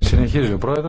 Συνεχίζει ο πρόεδρος.